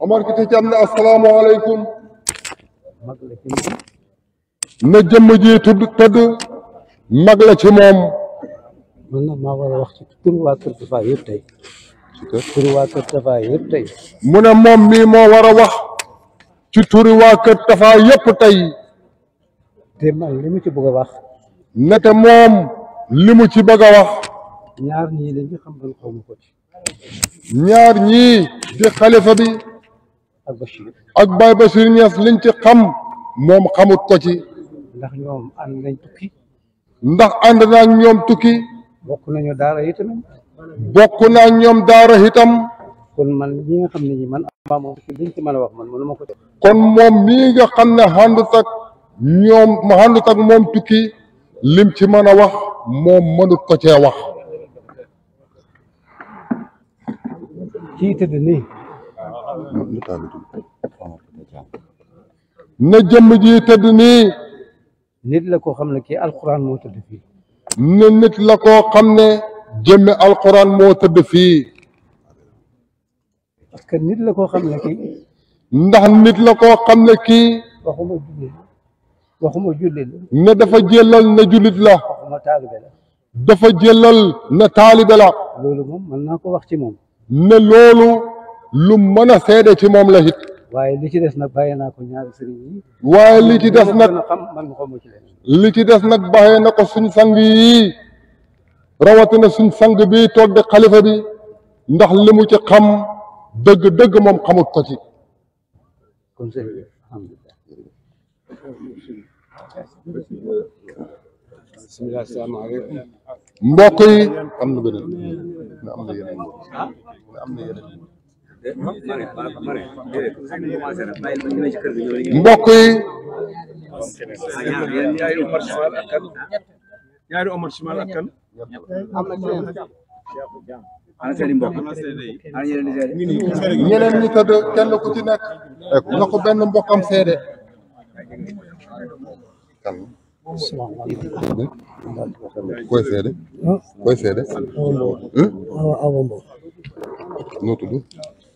Omar Kuti Thiam ne asalaamaaleykum mag la ci na jëmm ji tudd tëdd la ci moom man nag maa war a wax ci turu waa Kër Tafa yëpp mu ne moom mii moo war a wax ci turu waa Kër Tafa yëpp tey te man ci bëgg a wax ne te moom li mu ci bëgg a wax ñaar ñii dañu xam ban xaw ko ci ñaar ñii di xalifa bi ak Bachir. ak Baye Bachir ci xam moom xamut ko ci. ndax ñoom ànd nañ tukki. ndax ànd naa ñoom tukki. bokk nañu daara itam. bokk naa ñoom daara itam. kon moom liñ a wax man mënu ma ko. kon moom mii nga xam ne àndut ak ñoom ma àndut ak moom tukki lim ci mën a wax moom mënut ko cee wax. kii tëdd nii. نجم جي تدني نيت لاكو خامل كي القران مو تد في نيت لاكو خامل جيم القران مو تد في اسك نيت لاكو خامل كي نده نيت لاكو خامل كي واخوما جولل واخوما جولل ن دافا جيلال ن جوليت لا واخوما طالب لا دافا جيلال ن طالب لا lu mën a seede ci moom la it. waaye li ci des nag bàyyee naa ko ñaari sëriñ yi. waaye li ci des nag li ci des nag bàyyee na ko suñ sang yi rawatina suñ sang bi toog di xalifa bi ndax li mu ci xam dëgg-dëgg moom xamut ko ci. mbokk yi am mbokk yi. ñaari Omar kenn ku ci nekk. benn mbokkam seede. koy seede koy seede. Hmm? noo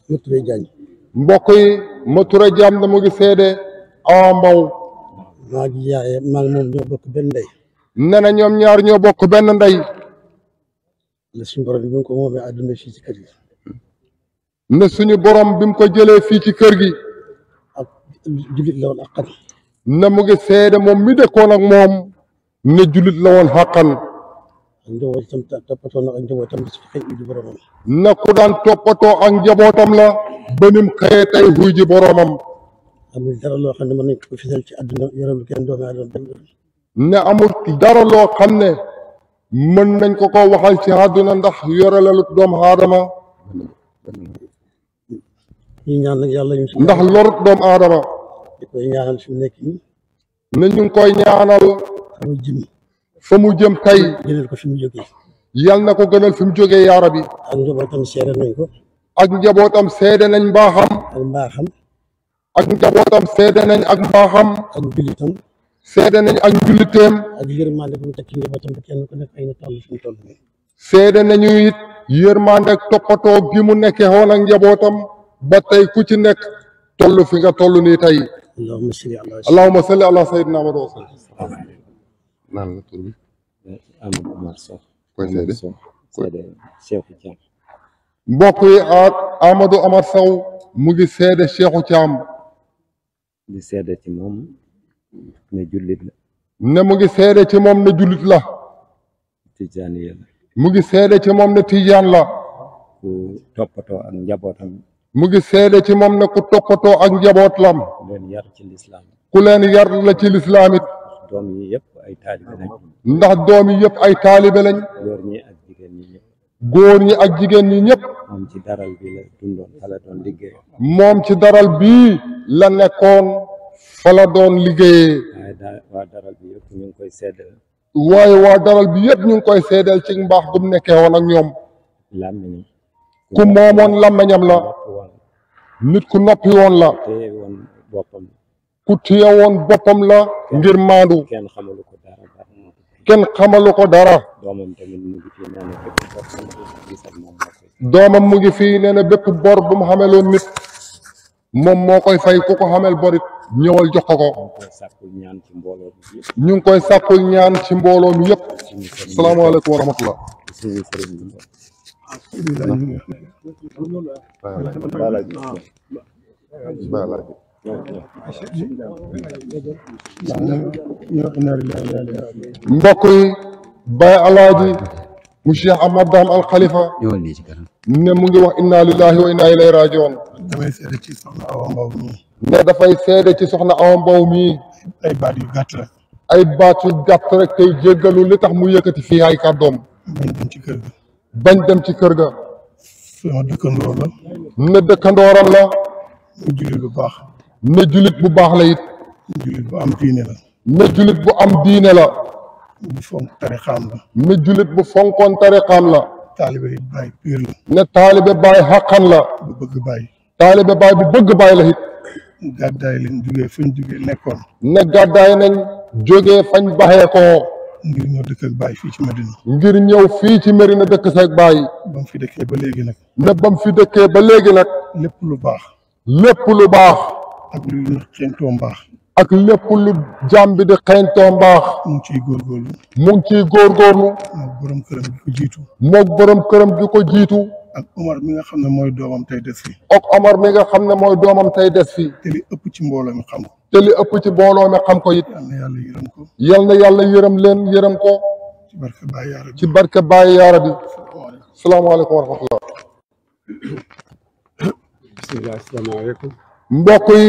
ma Touré Diagne mbokk yi ma Touré Diagne dama ngi seede Awa Mbow maa ngi yaaye maa ngi moom ñoo bokk benn ndey nee ñoom ñaar ñoo bokk benn ndey ne suñu borom bi mu ko moomee àdduna fii ci kër gi ne suñu borom bi ko jëlee fii ci kër gi ak la woon xaqan ne mu seede moom mi dëkkoon ak moom ne jullit la woon xaqan ak njabootam toppatoo na ak njabootam ku daan toppatoo ak njabootam la. benim xëyee tey wuy ji boroomam. amul dara loo xam ne mën nañ ko fisal ci àdduna yorelu kenn doomu aadama benn ne amul dara loo xam ne mën nañ ko ko waxal ci àdduna ndax yorelu doomu aadama. ñuy ñaan nag yàlla ñu ndax lorut doomu aadama. di koy ñaanal fi mu nekk na ne ñu koy ñaanal. sama jëmm. fa mu jëm tey. ko fi mu jógee. yal na ko gënal fi mu jógee yaa rabi. ak njabootam seede nañ ko. ak njabootam seede nañ mbaaxam. ak mbaaxam. ak njabootam seede nañ ak mbaaxam. ak jullitam. seede ak julliteem. ak bu mu teg ci njabootam ba kenn ku nekk ay na toll fi mu toll nii. nañu it yërmande ak mu nekkee woon njabootam ba tey ku ci nekk toll fi nga toll nii tey. allahumma salli ala sayyidina Nan la tur bi. Amadou Oumar Sow. koy seede seede Cheikhou Thiam. mbokk yi ak Amadou Oumar Sow mu ngi seede Cheikhou Thiam. di seede ci moom ne jullit la. ne mu ngi seede ci moom ne jullit la. tijaan yi mu ngi seede ci moom ne tijaan la. ku toppatoo ak njabootam. mu ngi seede ci moom ne ku toppatoo ak njabootam. ku leen yar ci lislaam. ku leen yar la ci lislaam doom yi yëpp ay taalibe ndax doom yi yëpp ay taalibe lañ. góor ñi ak jigéen ñi ñëpp. góor ñi ak jigéen ñi ñëpp. moom ci daral bi la dundoon fa liggéey. moom ci daral bii la nekkoon fa la doon liggéeye waaye waa daral bi yëpp ñu koy seedal. waaye waa daral bi yëpp ñu ngi koy seedal ci mbaax gum nekkee woon ak ñoom. ku moomoon làmmiñam la. nit ku noppi woon la. ku téye woon boppam la ngir maandu kenn xamalu ko dara doomam mu ngi fii nee na bépp bor bu mu xameloon nit moom moo koy fay ku ko xamel borit ñëwal jox ko ko ñu ngi koy sàkkul ñaan ci mbooloo mi yëpp salaamaaleykum wa rahmatullah mbokk yi Baye Alaaji mu Cheikh Ahmad Dame Al Khalifa ne mu ngi wax inna lillahi wa inna ilayhi rajiun damay seede ci soxna Awa Mbow mii ne dafay seede ci soxna Awa Mbow mii ay baat yu gàtt rek ay baat yu gàtt rek tey jéggalu li tax mu yëkkati fii ay kàddoom bañ dem ci kër ga bañ dem ci kër ga sama dëkkandoor la ne dëkkandooram la mu julli lu baax ne jullit bu baax la it. ne jullit bu am diine la. ne jullit bu am diine la. bu fonk tarixaam la. ne jullit bu fonkoon tarixaam la. taalibe baay piir la. ne taalibe baay xaqan la. bu bëgg baay. taalibe baay bu bëgg baay la it. gàddaay lañ jógee fañ jógee nekkoon. ne gàddaay nañ jógee fañ baxee koo. ngir ñëw dëkk ak baay fii ci Medina. ngir ñëw fii ci Medina dëkk ak baay. ba mu fi dëkkee ba léegi nag. ne ba mu fi dëkkee ba léegi nag. lépp lu baax. lépp lu baax. ak luy wër xeentoo mbaax ak lépp lu jàmm bi di xeentoo mbaax mu ngi ciy góorgóorlu mu ngi ciy góorgóorlu mook borom këram di ko jiitu mook borom këram di ko jiitu ak Omar mi nga xam ne mooy doomam tey fi ak Omar mi nga xam ne mooy doomam tey des fi te li ëpp ci mbooloo mi xam ko te li ëpp ci mbooloo mi xam ko it yal na yàlla yërëm ko yal na yàlla yërëm leen ko ci barke Baye Yaara ci barke Baye Yaara bi salaamaaleykum wa rahmatullah bismillah مبقي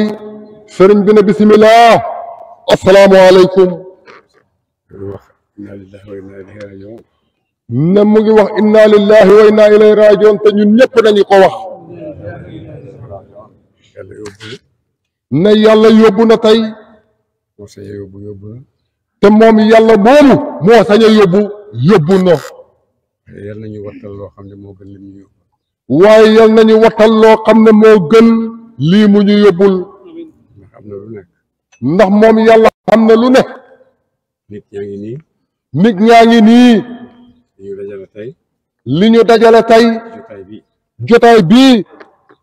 سرن بن بسم الله السلام عليكم إنا لله وإنا إليه راجعون نموغي واخ إنا لله وإنا إليه راجعون تا ني نيب ناني كو واخ نا يالا يوبنا تاي مو سا يوب يوب تا موم يالا مومو مو سا ني يوب يوبنا يالا ناني واتال لو لي نيو واي يالا ناني واتال لو lii mu ñu yóbbul na lu nekk ndax moom yàlla xam na lu nekk nit ñaa ngi nii nit ñaa ngi nii li ñu dajale tey li ñu dajale tey jotaay bii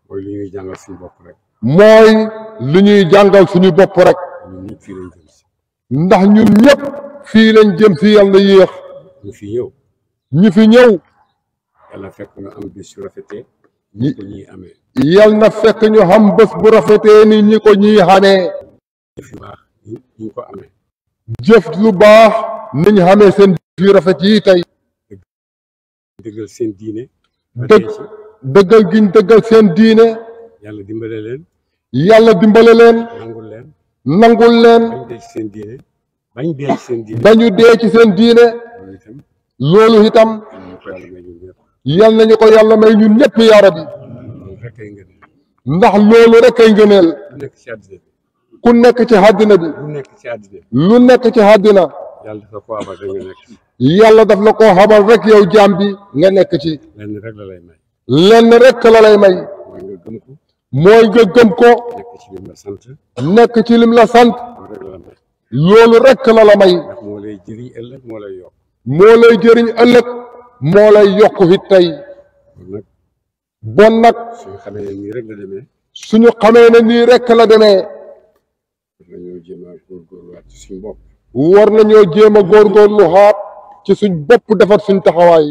mooy li ñuy jàngal suñu bopp rek mooy li ñuy jàngal suñu bopp rek ndax ñun ñëpp fii lañ jëm si yàlla na yéex ñu fi ñëw ñu fi ñëw yàlla fekk am bis yu rafetee ñi ko yal na fekk ñu xam bés bu rafetee ni ñi ko ñuy xamee. jëf lu baax ñu ko amee. jëf lu baax niñ xamee seen yu rafet yi tey. dëggal seen diine. dëgg dëggal giñ dëggal seen diine. yàlla dimbale leen. yàlla dimbale leen. nangul leen. nangul leen. bañ dee ci seen diine. ci seen diine. loolu itam. yal nañu ko yàlla may ñun ñëpp yaa rabbi ndax loolu rek kay ngëneel ku nekk ci àddina bi lu nekk ci àddina yàlla daf la ko xamal rek yow jaam bi nga nekk ci lenn rek la lay may mooy nga gëm ko nekk ci lim la sant loolu rek la la may moo lay jëriñ ëllëg moo lay jëriñ ëllëg moo lay yokk fi tey bon nag suñu xamee ne nii rek la demee suñu xamee ne nii rek la demee war jéem a góorgóorlu xaat ci suñ bopp defar suñ taxawaay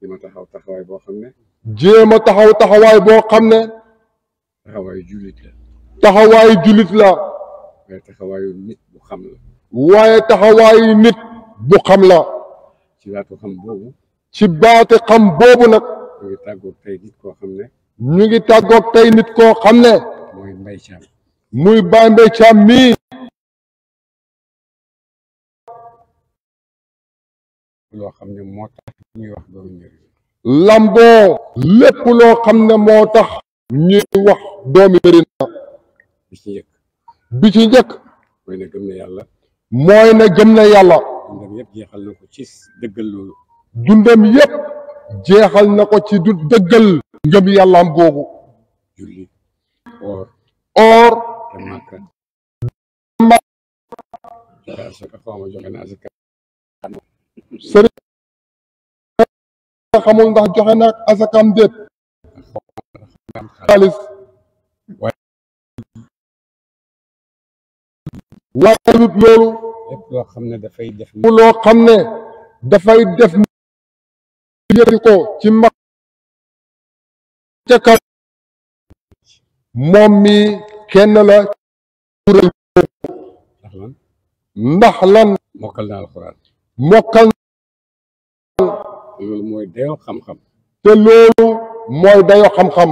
jéem a taxaw taxawaay boo xam ne jéem a taxaw taxawaay boo xam ne taxawaayu jullit la waaye taxawaayu nit bu xam la waaye taxawaayu ci baate xam boobu nag. ñu ngi tàggoog tey nit koo xam ne. ñu ngi tàggoog tey nit koo xam ne. muy Mbaye Thiam. muy Baye Mbaye Thiam loo xam ne moo tax ñuy wax doomu njëriñ. lamboo. lépp loo xam ne moo tax. ñuy wax doomi Médina. bi ci njëkk. bi ci njëkk. mooy ne gëm na yàlla. mooy ne gëm na yàlla. dundam yépp jeexal na ko ci du dëggal ngëm yàllaam googu julli or or sëriñ xamul ndax joxe na asakam déet xaalis waaye loolu lépp loo xam ne dafay def dafay def yëkkati ko ci mag ca kaw moom mi kenn la kuréel ndax lan mokkal na alxuraan mokkal loolu mooy dayoo xam-xam te loolu mooy dayoo xam-xam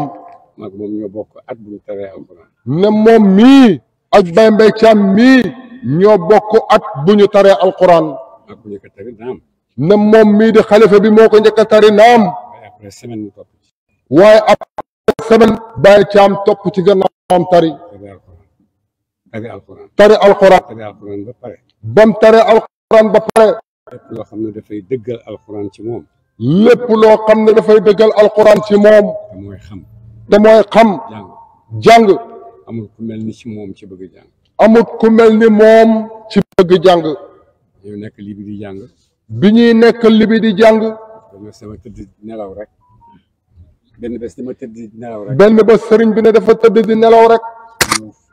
bokk ne moom mii ak Baye Mbaye Thiam mii ñoo bokk at bu ñu taree alxuraan ak bu ñu ko tari na moom mii di xalifa bi moo ko njëkk a tari naam waaye après semaine bàyyi caam topp ci gannaawam tari tari alxuraan tari alxuraan ba pare bam tari alxuraan ba pare lépp loo xam ne dafay dëggal alxuraan ci moom lépp loo xam ne dafay dëggal alxuraan ci moom te mooy xam te mooy xam jàng amul ku mel ni ci moom ci bëgg jàng amul ku mel ni moom ci bëgg jàng ñëw nekk libi di jàng bi ñuy nekk libi di jàng. benn bés nelaw rek. benn bés dama tëdd sëriñ bi na dafa tëdd di nelaw rek.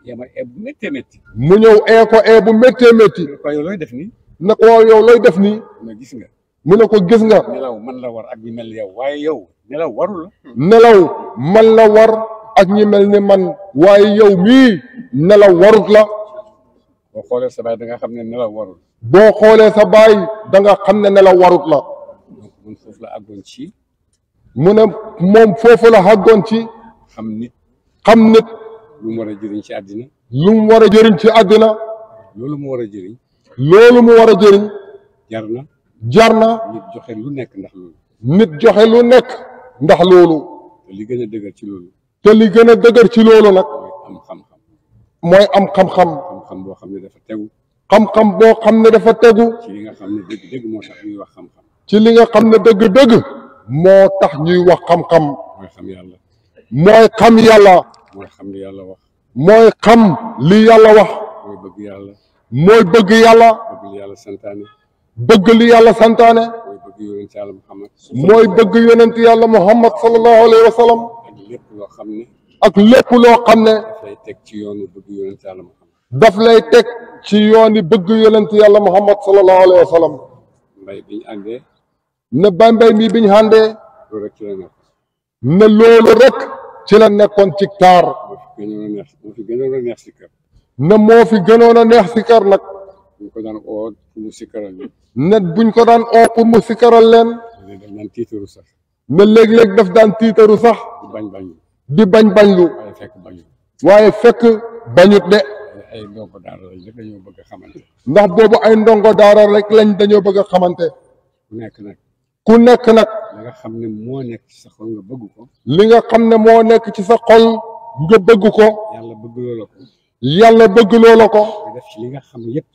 yama bu méttee métti. mu ñëw ee ko ee bu méttee métti. ko yow looy def nii. na ko waaw yow looy def nii. gis nga. mu ne ko gis nga. nelaw man la war ak ñi mel ni yow waaye yow nelaw warul la. nelaw man la war ak waaye yow mii nelaw warut la. boo xoolee sa baay da nga xam ne nelaw warul. boo xoolee sa baay da nga xam ne nelaw warut la. donc moom foofu la àggoon jëriñ ci àddina. lu mu jëriñ ci àddina. loolu mu war jëriñ. loolu mu war jëriñ. jar na. nit joxe lu nekk ndax loolu. nit joxe lu nekk. ndax loolu. li gën a ci loolu. te li gën a ci loolu nag. mooy am xam am xam-xam. xam-xam boo ne dafa tegu. xam-xam boo xam ne dafa tegu. ci li nga xam ne dëgg-dëgg moo tax ñuy wax ci li nga xam ne dëgg-dëgg. moo tax ñuy wax xam-xam. mooy xam yàlla. mooy xam xam li wax. mooy xam li yàlla wax. bëgg yàlla. mooy bëgg yàlla. bëgg li yàlla santaane. bëgg li yàlla santaane. mooy bëgg yonent yàlla Muhammad sallallahu ak lépp loo xam ne. ak lépp loo xam ne. ci yoonu daf lay teg ci yooni bëgg yonent yàlla muhammad sallallahu alayhi wa sallam mbay biñu ne bay mbay mii biñu àndee ne loolu rekk ci la nekkoon ci taar moo fi gënoon a neex sikkar fi gënoon a neex sikkar nag buñ ko daan oo buñ ko daan oo pour mu sikkaral leen daf daan tiitaru sax ne léeg-léeg daf daan tiitaru sax di bañ bañ di bañ bañ waaye fekk bañut de ay ndongo daara lañ rek dañoo bëgg a xamante. ndax boobu ay ndongo daara rek lañ dañoo bëgg a xamante. ku nekk nag. ku nekk nag. nga xam ne moo nekk ci sa xol nga bëgg ko. li nga xam ne moo nekk ci sa xol nga bëgg ko. yàlla bëgg loola ko. ko. nga def ci li nga xam yëpp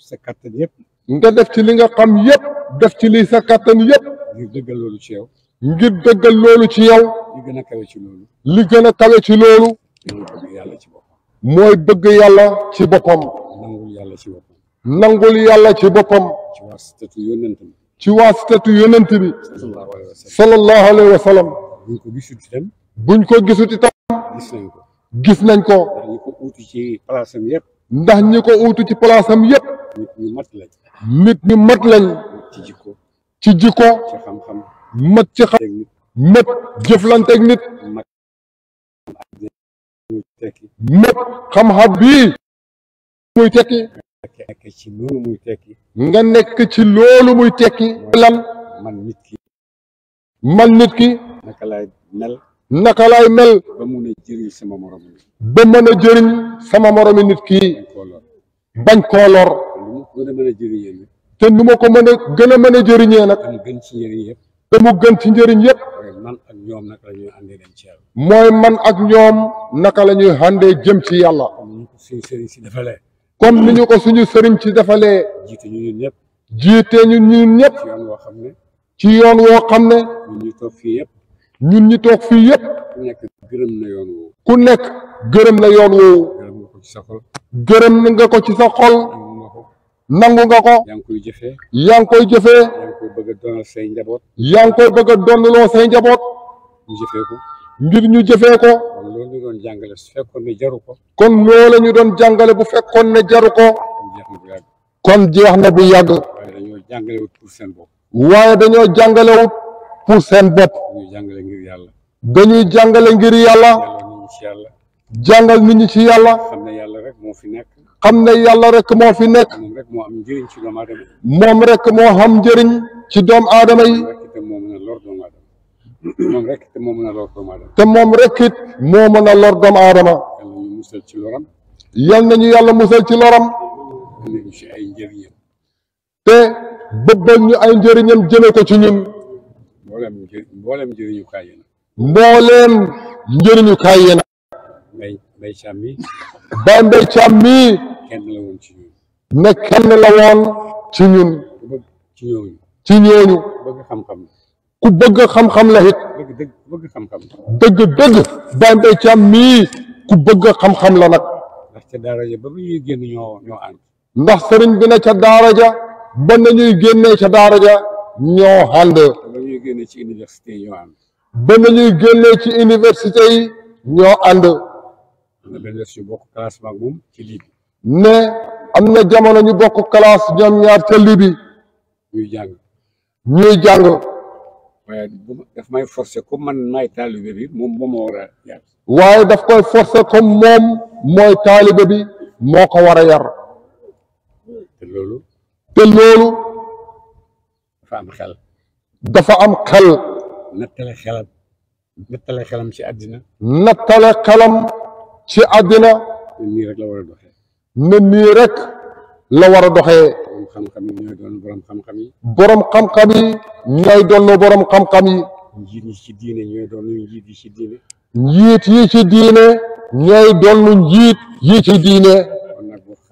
yëpp. nga def ci li nga xam yëpp. def ci li sa kattan yëpp. ngir dëggal loolu ci yow. ngir dëggal loolu ci yow. li gën a kawe ci loolu. li gën a kawe ci loolu. mooy bëgg yàlla ci boppam nangul yàlla ci boppam nangul yàlla ci boppam ci waa statut yonent bi ci waa statut yonent bi buñ ko gisut itam buñ ko gisut itam gis nañ ko gis ndax ñi ko uutu ci palaasam yëpp ndax ñi yëpp nit ñu mat lañ ci jikko ci jikko ci xam mat ci xam mat jëflanteeg nit mépp xam-xam bii muy tekki ci nga nekk ci loolu muy tekki lan man nit ki man nit ki naka laay mel naka laay mel ba mën a jëriñ sama morom ba mën a jëriñ sama moromi nit ki bañ koo lor te nu ma ko mën a gën a mën a jëriñee nag te gën ci njëriñ yépp ñoom naka la ñuy àndee dem ci yàlla. mooy man ak ñoom naka la ñuy àndee jëm ci yàlla. suñu sëriñ si defalee. comme ni ñu ko suñu sëriñ si defalee. jiite ñu ñun ñëpp. ñu ñun ñëpp. ci yoon woo xam ne. ci yoon woo xam ne. ñu toog fii yëpp. ñun ñu toog fii yëpp. ku nekk gërëm na yoon woowu. ku gërëm nga ko ci sa xol. nangu nga ko. yaa ngi koy jëfee. yaa koy jëfee. yaa ngi say njaboot. ñu jëfee ko. ngir ñu jëfee ko. kon loolu ñu doon jàngale su fekkoon jaru ko. kon loola ñu doon jàngale bu fekkoon ne jaru ko. kon jeex na bu yàgg. waaye dañoo jàngale pour seen bopp. waaye dañoo jàngale wut seen bopp. dañuy jàngale ngir yàlla. dañuy jàngale ngir yàlla. jàngal nit ñi yàlla. xam ne yàlla rek moo fi nekk. xam ne yàlla rek moo fi nekk. moom rek moo am njëriñ ci doomu aadama yi. moom njëriñ ci doomu aadama Tüm rek te moo mën a lor doomu aadama. te moom rek it moo mën a lor doomu aadama. yal nañu musal ci loram. yal nañu yàlla musal ci loram. ñu ci ay njëriñam. te bëggal ñu ay njëriñam ne kenn la woon ci ñun. ci ñooñu ku bëgg xam-xam la it dëgg bëgg xam-xam dëgg dëgg Bambey Thiam mii ku bëgg xam-xam la nag ndax ca daara ja ba ñuy génn ñoo ñoo ànd ndax sëriñ bi ne ca daara ja ba nañuy génnee ca daara ñoo ànd ba ñuy génnee ci université ñoo ànd ba nañuy génnee ci université yi ñoo ànd ne benn bés ñu bokk classe maag moom ci lii ne am jamono ñu bokk classe ñoom ñaar ca lii ñuy jàng ñuy jàng may forcer comme man maay taalibe bi moom moo ma yar. waaye daf koy forcer comme moom mooy taalibe bi moo ko yar. te loolu. te dafa am xel. dafa xelam. nattale xelam ci àddina. nattale xelam ci àddina. ne rek la war a borom xam-xam yi ñooy doon borom xam-xam borom xam-xam yi ñooy doon borom xam-xam yi. njiit yi ci diine ñooy doon njiit yi ci diine. njiit yi ci diine. ñooy doon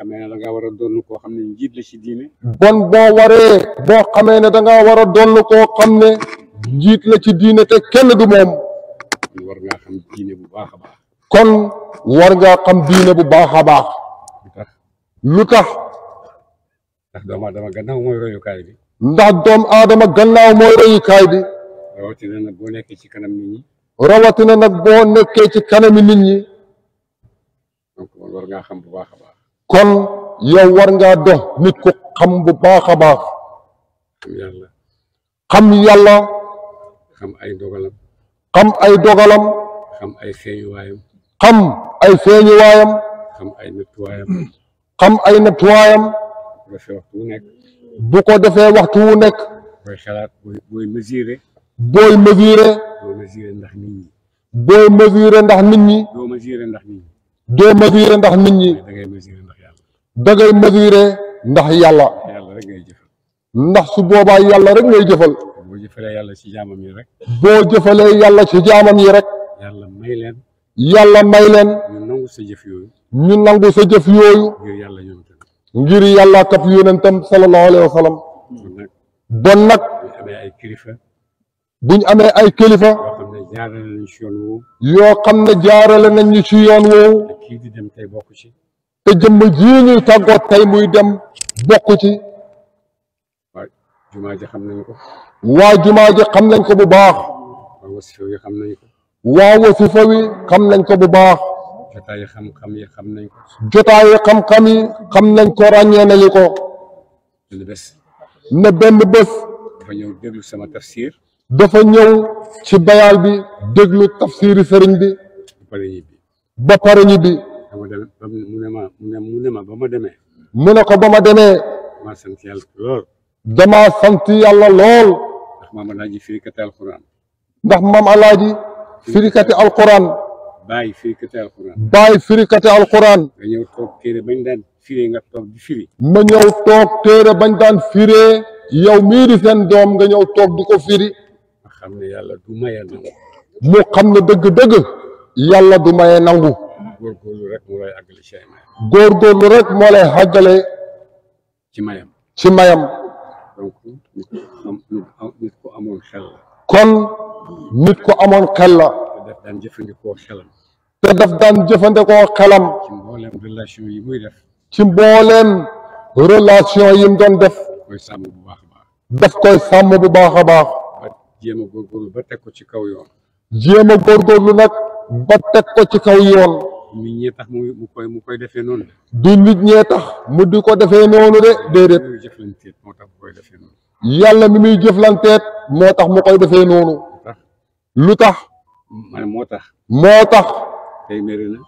ne da ngaa war a doon koo xam ne njiit la ci diine. bon boo waree boo xamee ne danga ngaa war a doon koo xam ne njiit la ci diine te kenn du moom. kon war ngaa xam diine bu baax a baax. baax a baax. lu tax ndax doomu aadama gannaaw mooy royukaay bi. ndax doomu aadama gannaaw mooy royukaay bi. rawatina nag boo nekkee ci kanam nit ñi. rawatina nag boo nekkee ci kanami nit ñi. donc xam bu baax a baax. kon yow war ngaa dox nit ku xam bu baax a baax. xam yàlla. xam ay dogalam. xam ay dogalam. xam ay feeñuwaayam. xam ay feeñuwaayam. waxtu wu nekk. bu ko defee waxtu wu nekk. booy xalaat booy booy mesurer. booy mesurer. booy mesurer ndax nit ñi. booy mesurer ndax nit ñi. doo mesurer ndax nit ñi. doo mesurer ndax nit ñi. da ngay mesurer ndax yàlla. da ngay mesurer ndax yàlla. yàlla rek ngay jëfal. ndax su boobaa yàlla rek ngay jëfal. boo jëfalee yàlla ci jaamam yi rek. boo jëfalee yàlla ci jaamam yi rek. yàlla may leen. yàlla may leen. ñu nangu sa jëf yooyu. ñu nangu sa jëf yooyu. ngir yàlla ñoom ngir yàlla ak yonentam sallallahu alayhi wasallam bon nak buñ amé ay kalifa yo xamné jaarale nañ ni ci yoon wo te jëm ji ñu taggo tay muy dem bokku ci wa juma ji xam nañ ko wa juma ji xam nañ ko bu baax waa wasifa wi xam nañ ko bu baax jotaayu xam-xam yi xam nañ ko. jotaayu xam-xam yi xam nañ ko ràññee nañu ko. benn bés. ne benn bés. dafa ñëw sama tafsir. dafa ñëw ci bayaal bi déglu tafsiri sëriñ bi. ba pare ñibbi. mu ne ma ba ma demee. mu ne ko ba ma demee. damaa sant yàlla lool. damaa ndax maam alaaji firikati alquran. ndax maam alaaji firikati alquran. bàyyi firikate alxuraan. bàyyi firikate alxuraan. nga ñëw toog téere bañ daan firee nga toog di firee. ma ñëw toog téere bañ daan firee yow mii di seen doom nga ñëw toog di ko firi. yàlla du mu xam ne dëgg-dëgg. yàlla du maye nangu. góorgóorlu rek moo lay ci mayam. rek moo lay àggale. ci mayam. ci mayam. donc kon nit ku amoon xel la. daan jëfandikoo xelam. te def daan jëfandikoo xelam. ci mbooleem relation yi muy def. ci mbooleem relation yi mu doon def. daf koy sàmm bu baax baax. daf koy sàmm bu baax a baax. ba jéem a teg ko ci kaw yoon. jéem a góorgóorlu nag ba teg ko ci kaw yoon. nit mu koy mu koy defee noonu. du nit ñee tax mu di ko defee noonu de déedéet. yàlla mi muy jëflanteet koy defee yàlla mi muy jëflanteet moo tax mu koy defee noonu. lu tax. moo tax. moo tax. tey mëri na.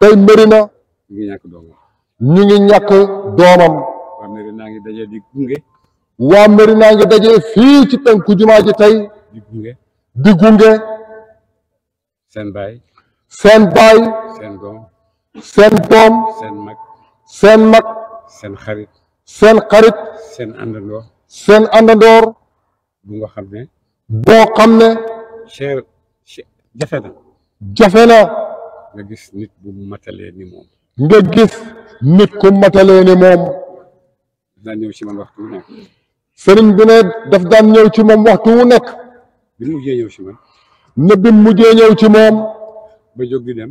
tey mëri na. ñu ngi ñàkk doomam. ñu ngi ñàkk doomam. waa mëri naa daje fii ci tënku jumaa ji tey. di gunge. seen baay. seen baay. seen doom. seen mag. seen mag. seen xarit. seen xarit. seen àndandoor. seen nga xam ne. boo xam ne. jafe na jafe na nga gis nit bu matalee ni moom nga gis nit ku matalee ni moom daan ñëw ci man waxtu wu nekk sëriñ bi ne daf daan ñëw ci moom waxtu wu nekk bi mujjee ñëw ci man ne bi mujjee ñëw ci moom ba jóg di dem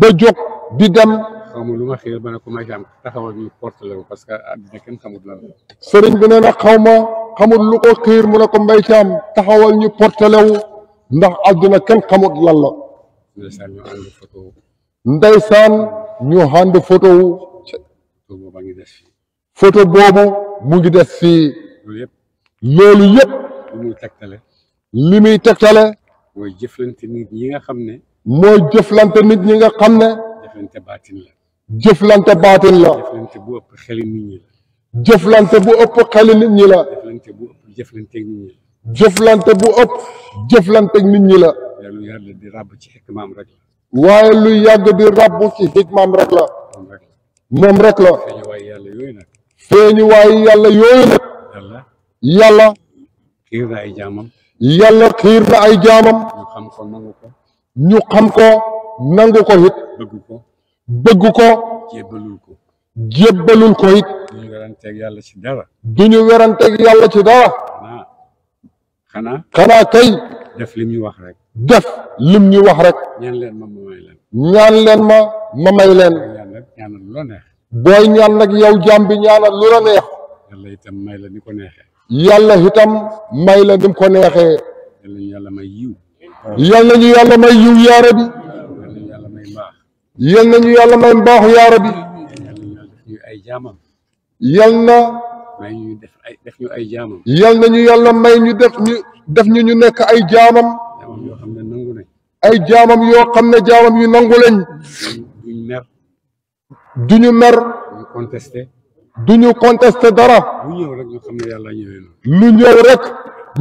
ba jóg di dem xaw ma lu ma xiir ba ne ko ma jaam taxawal ñu porte la parce que àddina kenn xamut lan la sëriñ bi ne nag xaw ma xamul lu ko xiir mu ne ko mbay caam taxawal ñu portelewu ndax aduna ken xamut lan la ndaysan ñu hand photo photo bobu mu ngi def fi lolu yeb limuy tektale tegtale li muy jëflante nit yi nga xamne ne jëflante nit ñi nga xam jëflante baatin la jëflante baatin la jëflante bu upp xel nit ñi la jëflante bu ëpp xeli nit ñi la jëflante bu ëpp jëflante nit ñi la jëflante bu ëpp jëflante ak nit ñi la. waaye lu yàgg di ràbb ci xikmaam rek waaye lu yàgg di ràbb ci xikmaam la. moom rek la. feeñu waaye yàlla yooyu nag. yàlla yooyu yàlla. xiir na ay jaamam. yàlla xiir na ñu xam ko nangu ko. ñu xam ko bëgg ko. bëgg ko. jébbalul ko. jébbalul yàlla ci dara. xanaa xanaa kay. def lim ñu wax rek. def lim ñu wax rek. ñaan leen ma ma may leen. ñaan leen ma ma may leen. ñaanal lu la neex. booy ñaan nag yow jaam bi ñaanal lu la neex. yàlla itam may la ni ko neexee. yàlla itam may la ni ko neexee. yal nañu yàlla may yiw. yal nañu yàlla may yiw yaa rabbi. yal nañu yàlla may mbaax. yal nañu yàlla may mbaax yaa rabbi. yal na. may ñu def ay def ñu ay jaamam. yal nañu yàlla may ñu def ñu def ñu ñu nekk ay jaamam. jaamam yoo xam ne nangu nañ. ay jaamam yoo xam ne jaamam yu nangu lañ. duñ mer. duñu mer. duñu contesté. duñu contesté dara. lu ñëw rek ñu xam ne yàlla ñëwee noonu. lu ñëw rek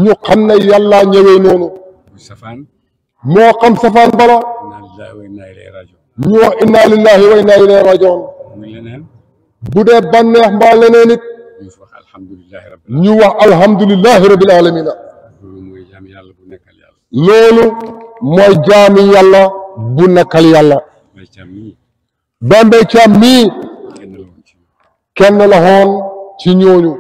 ñu xam ne yàlla ñëwee noonu. muy safaan. moo xam safaan bala. ñu wax inna lillahi wa inna ilayhi rajiun. muy leneen. bu dee bànneex mbaa leneen it. ñu wax alhamdulilahi rabbil alamina loolu mooy jaami yàlla bu nekkal yàlla Bambey Thiam mii kenn la xoon ci ñooñu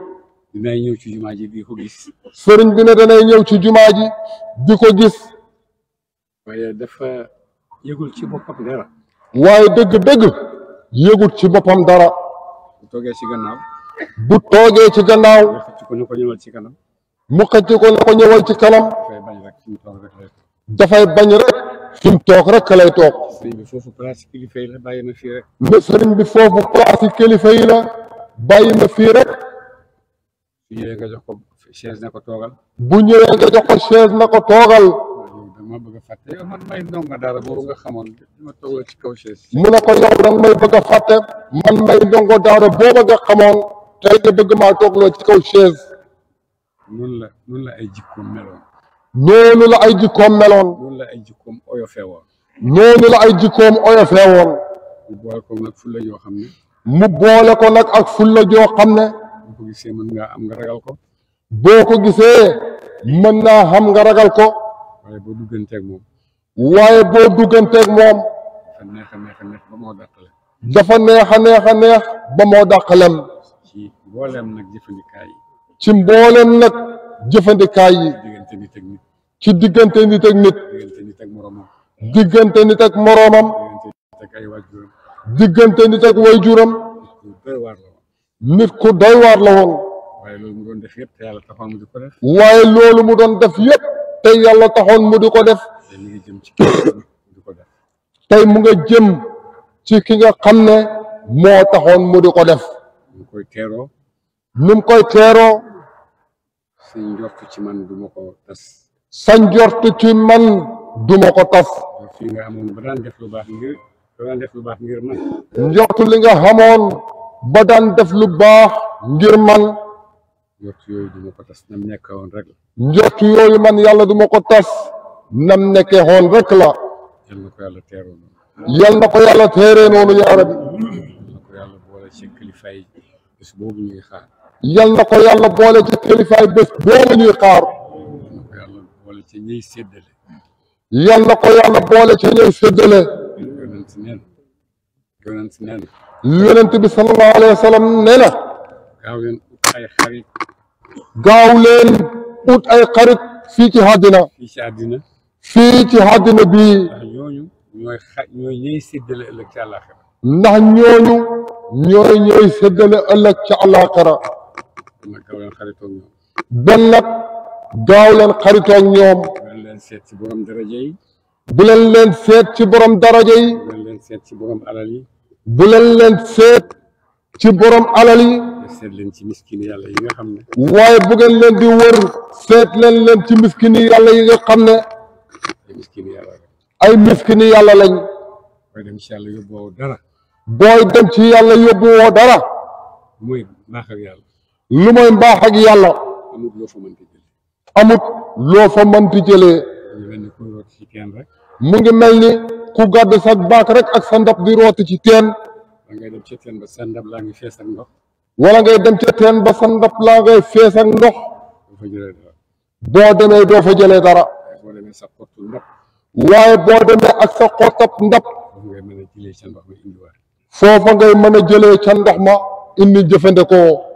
dinay ñëw ci jumaa ji ko gis sëriñ bi ne danay ñëw ci jumaa ji di ko gis waaye dafa yëgul ci boppam dara waaye dëgg-dëgg yëgul ci boppam dara bu toogee ci gannaaw bu toogee ci gannaaw. mu xëcc ko ne ñëwal ci kanam. dafay bañ rek. fi mu rek lay toog. sëriñ bi foofu place kilifa yi la bàyyi na rek. bu ñëwee nga jox ko chaise na ko toogal. bëgg a yow man may ndongo daara boobu nga xamoon ma toogal ci kaw chaise. mu ne yow danga may bëgg a man may ndongo daara boobu nga xamoon. tey nga bëgg maa toogloo ci kaw chaise. noonu la noonu la ay jikkoom meloon. noonu la ay jikkoom meloon. noonu la ay jikkoom oyofee woon. noonu la ay jikkoom oyofee woon. mu boole ko nag fulla joo xam ne. mu boole ko nag ak fulla joo xam ne. boo ko gisee mën ngaa am nga ragal ko. boo ko gisee mën naa xam nga ragal ko. waaye boo dugganteeg moom. waaye boo dugganteeg moom. dafa neex a neex a neex ba moo dàqale. dafa neex a neex a neex ba moo dàqalem. mbooleem nag jëfandikaay ci mbooleem nag jëfandikaay yi. diggante ci diggante nit ak nit. diggante nit ak moroomam. diggante nit ak moroomam. diggante nit waajuram. nit ku doy waar la woon. waaye loolu mu doon def yëpp te yàlla taxoon mu di ko def. waaye loolu mu doon def yëpp te yàlla taxoon mu di def. tey mu nga jëm ci ki nga xam ne moo taxoon mu di ko def. ni mu koy teeroo sa njort ci man du ma ko tas sa ci man du ma ko tas njort li nga amoon ba daan def lu baax ngir def lu baax ngir man njort li nga xamoon ba daan def lu baax ngir man njort yooyu du ma woon rek man yàlla du ma ko tas nam nekkee woon rek la yal na ko yàlla teeroo noonu yal na yal na ko yàlla boole ci kilifaay bés boobu ñuy xaar yal na ko yàlla boole ci ñuy séddale yonent bi sallallahu alayhi na gaaw leen ut ay xarit gaaw leen ut ay xarit fii ci àddina bon nag gaaw leen xaritoo ak ñoom. bu leen seet ci bu leen leen seet ci borom daraja yi. bu leen leen seet ci borom alal yi. bu leen leen seet ci borom alal yi. seet leen ci miskini yi nga xam ne. waaye bu leen di wër seet leen leen ci miskini yàlla yi nga xam ne. ay miskini yàlla lañ. ay miskini yàlla lañ. booy dem ci dem ci yàlla yóbbuwoo dara. muy naax yàlla. lu mooy mbaax ak yàlla amut loo fa mënti jëlee amut loo fa mu ngi mel ni ku gàdd sa baak rek ak sa ndab di rooti ci teen wala ngay dem ca teen ba sa ndab laa ngi fees ak ndox wala ngay dem ca teen ba sa ndab laa ngay fees ak ndox boo demee doo fa jëlee dara waaye boo demee ak sa xottab ndab foofa ngay mën a jëlee ca ndox ma indi jëfandikoo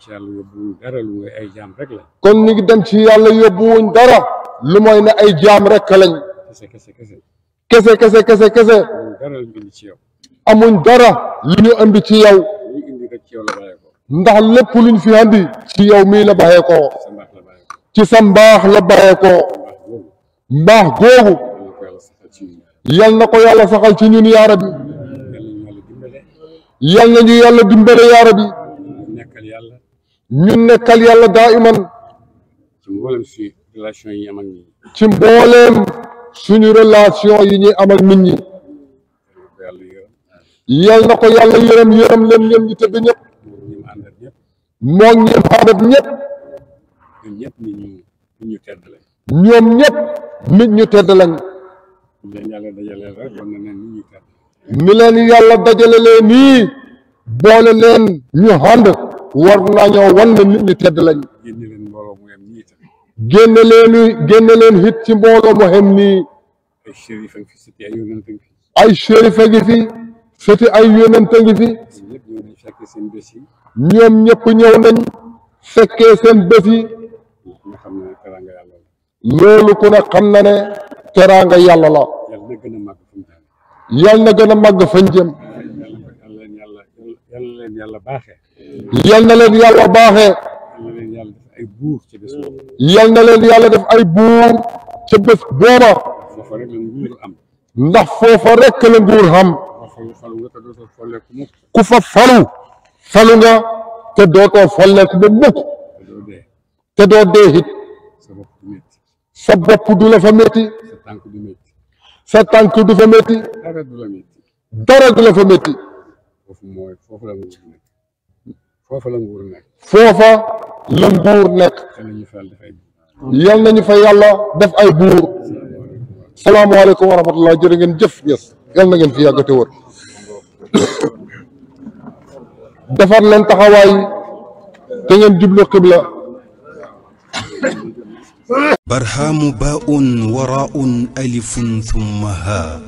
ci yàlla yóbbuwuñ dara lu mooy ay jaam rek lañ. kon ñu ngi dem ci yàlla yóbbuwuñ dara lu mooy ne ay jaam rek lañ. kese kese kese. kese kese kese kese. amuñ dara lu ñu indi ci yow. amuñ dara lu ñu indi ci yow. lu ñu indi rek ci yow la bàyyeekoo. ndax lépp lu ñu fi andi. ci yow mii la bàyyeekoo. ci sa mbaax la bàyyeekoo. mbaax googu. yal na ko yàlla saxal ci ñun yaa rabbi. yal na ñu yàlla dimbale yaa rabbi. ñun nekkal yàlla daa iman ci mbooleem suñu relation yi am ak nit ñi ci mbooleem suñu am ak nit ko yàlla yërëm yërëm leen ñoom ñi tëdd ñëpp moo ñim àndat ñëpp ñëpp ñu nit ñu tedd lañ ñoom ñëpp nit ñu tedd ni leen yàlla dajale leen boole leen ñu ànd war nañoo wan ne nit ñi tedd lañ génne leenu génne leen hit ci mbooloo mu xem nii ay shérifa ngi fi sëti ay yonent ngi fi ñoom ñëpp ñëw nañ fekkee seen bés yi loolu ku ne xam na ne teraanga yàlla la yal na gën a màgg fañ jëm yal na yal na leen yàlla baaxee yal na leen yàlla def ay buur ca bés booba ndax foofa rekk la nguur xam ku fa falu falu nga te dootoo folleeku ba mukk te doo dee it sa bopp du la fa métti sa tànk du fa métti dara du la fa métti foofa la nguur nekk. foofa la nguur nekk. yal nañu fa yàlla def ay buur. salaamaaleykum wa rahmatulah jërë ngeen jëf ñes yal na ngeen fi yàggate wër. defar leen taxawaay te ngeen jublu xibla. barhaamu baa'un waraa'un alifun thumma haa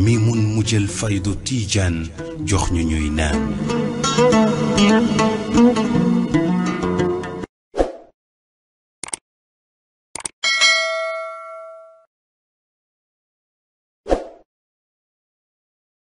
miimun mujjal faydu tiijaan jox ñu ñuy naan. Thank you.